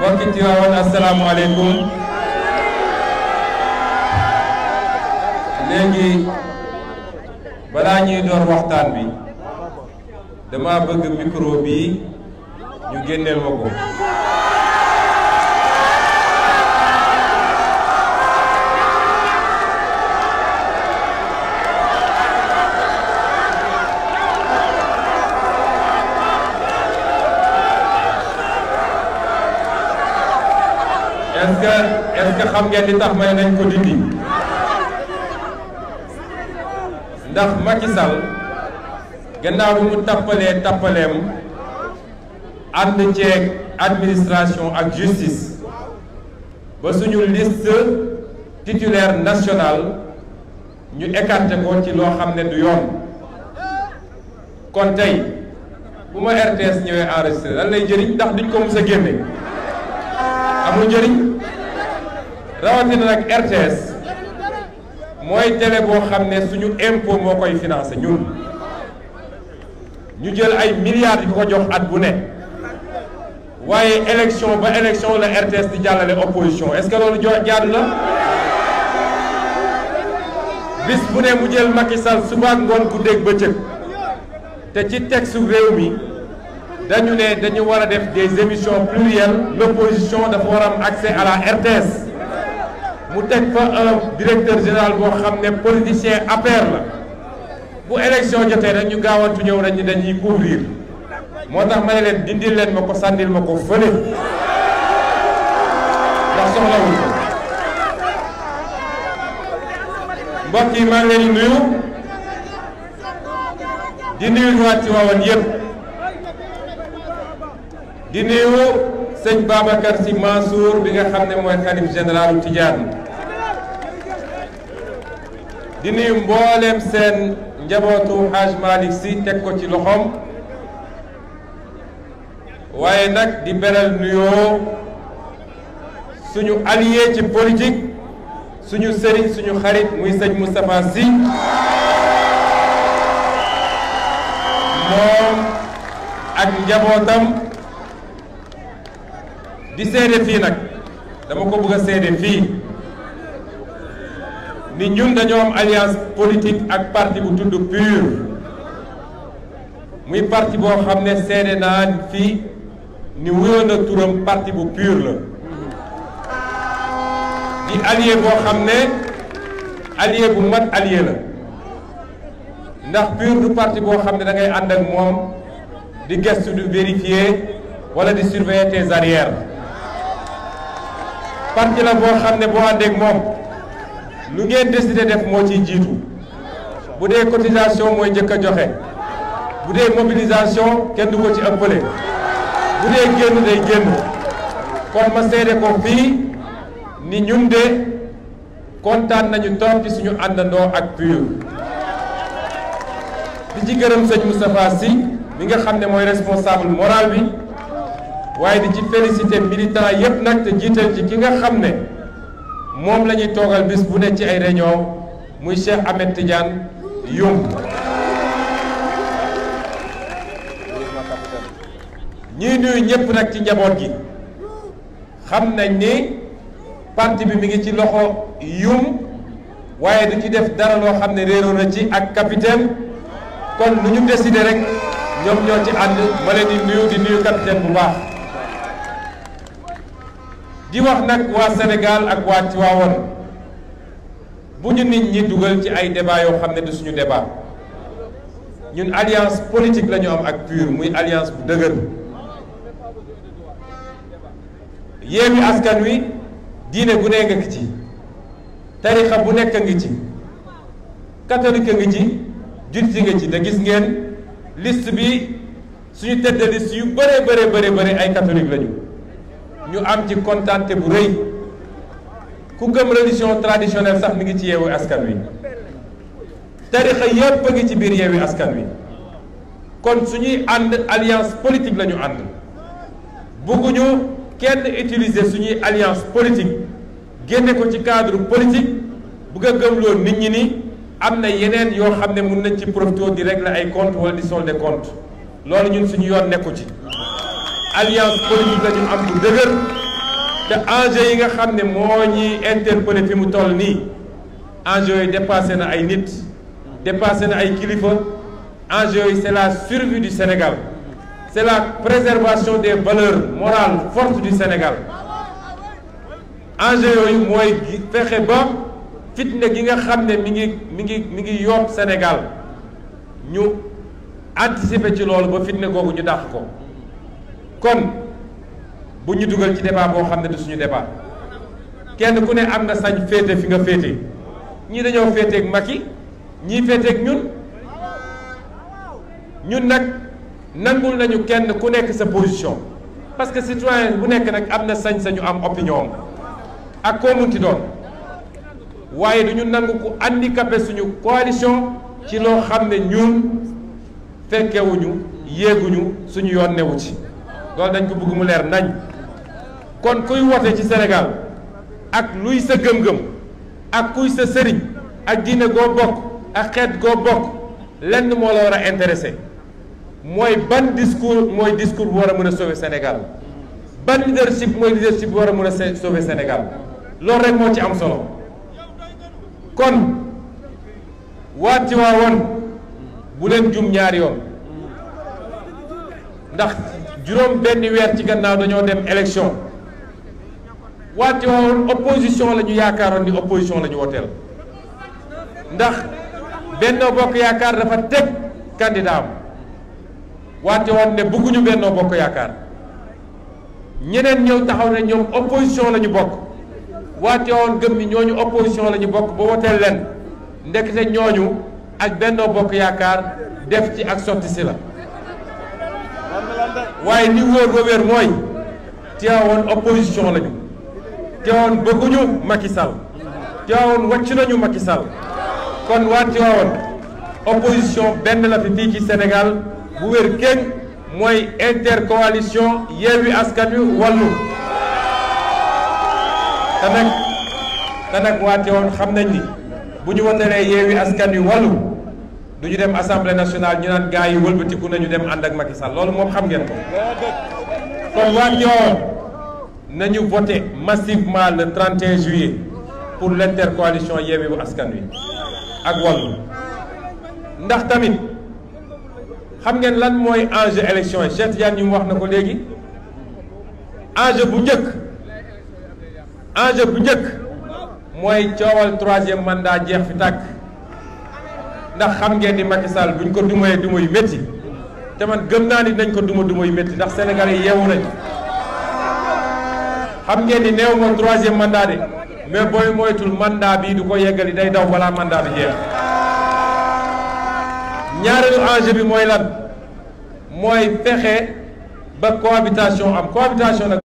mbokki Tiwaawan asalaamualeykum léegi balaa ñuy door waxtaan bi dama bëgg micro bi ñu génneel ma est-ce xam ngeen di tax may nañ ko dindi ndax Macky Sall gannaaw bi mu tappalee tappaleem ànd ceeg administration ak justice ba suñu liste titulaire nationale ñu écarté ko ci loo xam ne du yoon kon tey bu ma RTS ñëwee enregistré lan lay jëriñ ndax duñ ko mës a génne amul njëriñ na nag RTS mooy télé boo xam ne suñu impo moo koy financé ñun ñu jël ay milliards yi ko jox at bu ne waaye élection ba élection la RTS di jàllale opposition est-ce que loolu jo jaadu la bis bu ne mu jël Macky Sall suba ngoon ku dégg bëccëg te ci texte réew mi dañu ne dañu war a def des émissions plurielles l'opposition dafa war am accès à la RTS mu teg fa un directeur général boo xam ne politicien APR la bu élection jotee rek ñu gaawantu ñëw rek ñu dañuy couvrir moo tax ma ne leen dindil leen ma ko sànnil ma ko fële ndax soxlawul ko mbokk leen di nuyu di nuyu waa Tivaouane yëpp di nuyu sëñ Babacar Sy Mansour bi nga xam ne mooy xalif général Tidiane di nuyu mbooleem seen njabootu Haj Malick Sy teg ko ci loxoom waaye nag di beral nuyoo suñu allié ci politique suñu sëriñ suñu xarit muy sëñ Moustapha Sy moom ak njabootam di seede fii nag dama ko bëgg a fii li ñun dañoo am alliance politique ak parti bu tudd PUR muy parti boo xam ne seede naa fi ni wuyoo na turam parti bu PUR la di allié boo xam ne allié bu mat allié la ndax PUR du parti boo xam ne dangay ngay ànd ak moom di gëstu di vérifier wala di surveiller tes arrières parti la boo xam ne boo àndeek moom lu ngeen décidé def moo ciy jiitu bu dee cotisation mooy njëkk a joxe bu dee mobilisation kenn du ko ci ëppale bu dee génn day génn kon ma seede ko fii ni ñun de kontaan nañu toog ci suñu àndandoo ak PUR di ci gërëm sëñ Moustapha Sy mi nga xam ne mooy responsable moral bi waaye di ci félicité militant yépp nag te jiital ci ki nga xam ne moom lañuy toogal bis bu ne ci ay réunion muy Cheikh Ahmed Tidiane Youm ñuy nuyu ñëpp nag ci njaboot gi xam nañ ni parti bi mu ngi ci loxo Youm waaye du ci def dara loo xam ne réeroo na ci ak capitaine kon lu ñu décidé rek ñoom ñoo ci ànd ma leen di nuyu di nuyu capitaine bu baax. di wax nag waa Sénégal ak waa Tivaouane bu ñu nit ñi dugal ci ay débat yoo xam ne du suñu débat ñun alliance politique la ñu am ak PUR muy alliance bu dëgër Yewwi Askan Wi diine gu nekk ngi ci tarixa bu nekk a ngi ci catholique a ngi ci jullit nga ci te gis ngeen liste bi suñu tëdd liste yu bëree bëree bëri bëri ay catholique lañu ñu am ci kontaante bu rëy ku gëm religion traditionnelle sax mi ngi ci yeewu askan wi tarixa yépp a ngi ci biir yeewu askan wi kon suñuy ànd alliance politique la ñu ànd bëgguñu kenn utiliser suñuy alliance politique génne ko ci cadre politique bëgg a gëmloo nit ñi ni am na yeneen yoo xam ne mun nañ ci profité di la ay compte wala di solde compte loolu ñun suñu yoon nekku ci alliance politique la am bu dëgër te enjeu yi nga xam ne moo ñuy interpellé fi mu toll nii enjeu yooyu dépassé na ay nit dépassé na ay kilifa enjeu yooyu c'est la survie du Sénégal c'est préservation des valeurs morales fortes du Sénégal enjeu yooyu mooy fexe ba fitne gi nga xam ne mi ngi mi ngi mi ngi yóob Sénégal ñu anticiper ci loolu ba fitne googu ñu dàq ko. kon bu ñu dugal ci débat boo xam ne du suñu débat kenn ku ne am na sañ féete fi nga féete ñii dañoo féeteeg Macky ñii féeteeg ñun ñun nag nangul nañu kenn ku nekk sa position parce que citoyen bu nekk nag am na sañ-sañu am opinion ak koo munti doon waaye du ñu nangu ku handicapé suñu coalition ci loo xam ne ñun fekkewuñu yéeguñu suñu yoon newu ci lool dañ ko bëgg mu leer nañ kon kuy wote ci Sénégal ak luy sa gëm-gëm ak kuy sa sëriñ ak diine goo bokk ak xeet goo bokk lenn moo la war a intéressé mooy ban discours mooy discours bu war a mën a sauver Sénégal ban leadership mooy leadership bu war a mën a sauver Sénégal loolu rek moo ci am solo kon waa Tiwaawan bu leen jum ñaari yoon ndax juróom benn weer ci gannaaw dañoo dem élection waa Tivaouane opposition la ñu yaakaaroon ni opposition la ñu woteel ndax Benno Bokk Yaakaar dafa teg candidat am waa Tivaouane ne bëgguñu Benno Bokk Yaakaar ñeneen ñëw taxaw ne ñoom opposition lañu ñu bokk waa Tivaouane gëm ni ñu opposition la ñu bokk ba woteel leen ndekete ñooñu ak Benno Bokk Yaakaar def ci ak sotti si la waaye li wóor ba wér mooy teewoon opposition lañu teewoon bëgguñu Macky Sall teewoon wàcc nañu kon waa teewoon opposition benn la fi fii ci Sénégal bu wér kéeg mooy intercoalition Yewwi Askan Wi Wallu te nag te waa teewoon xam nañ ni bu ñu wotalee Yewwi Askan Wi Wallu du ñu dem assemblée nationale ñu naan gars yi wëlbatiku nañu dem ànd ak Macky Sall loolu moom xam ngeen ko kon waa Nioro nañu voté massivement le 31 juillet pour l'intercoalition Yewwi Askan Wi ak Wallu ndax tamit xam ngeen lan mooy enjeu élection yi Cheikh Tidiane mu wax na ko léegi enjeu bu njëkk enjeu bu njëkk mooy coowal troisième mandat jeex fi tàkk ndax xam ngeen ni Macky Sall buñ ko dumayee duma yu métti te man gëm naa ni nañ ko duma duma yu métti ndax sénégalais yeewu nañ xam ngeen ni néew ma troisième de mais booy moytul mandat bii du ko yeggali day daw balaa mandat bi jeex ñaareelu enjeu bi mooy lan mooy fexe ba cohabitation am cohabitation nag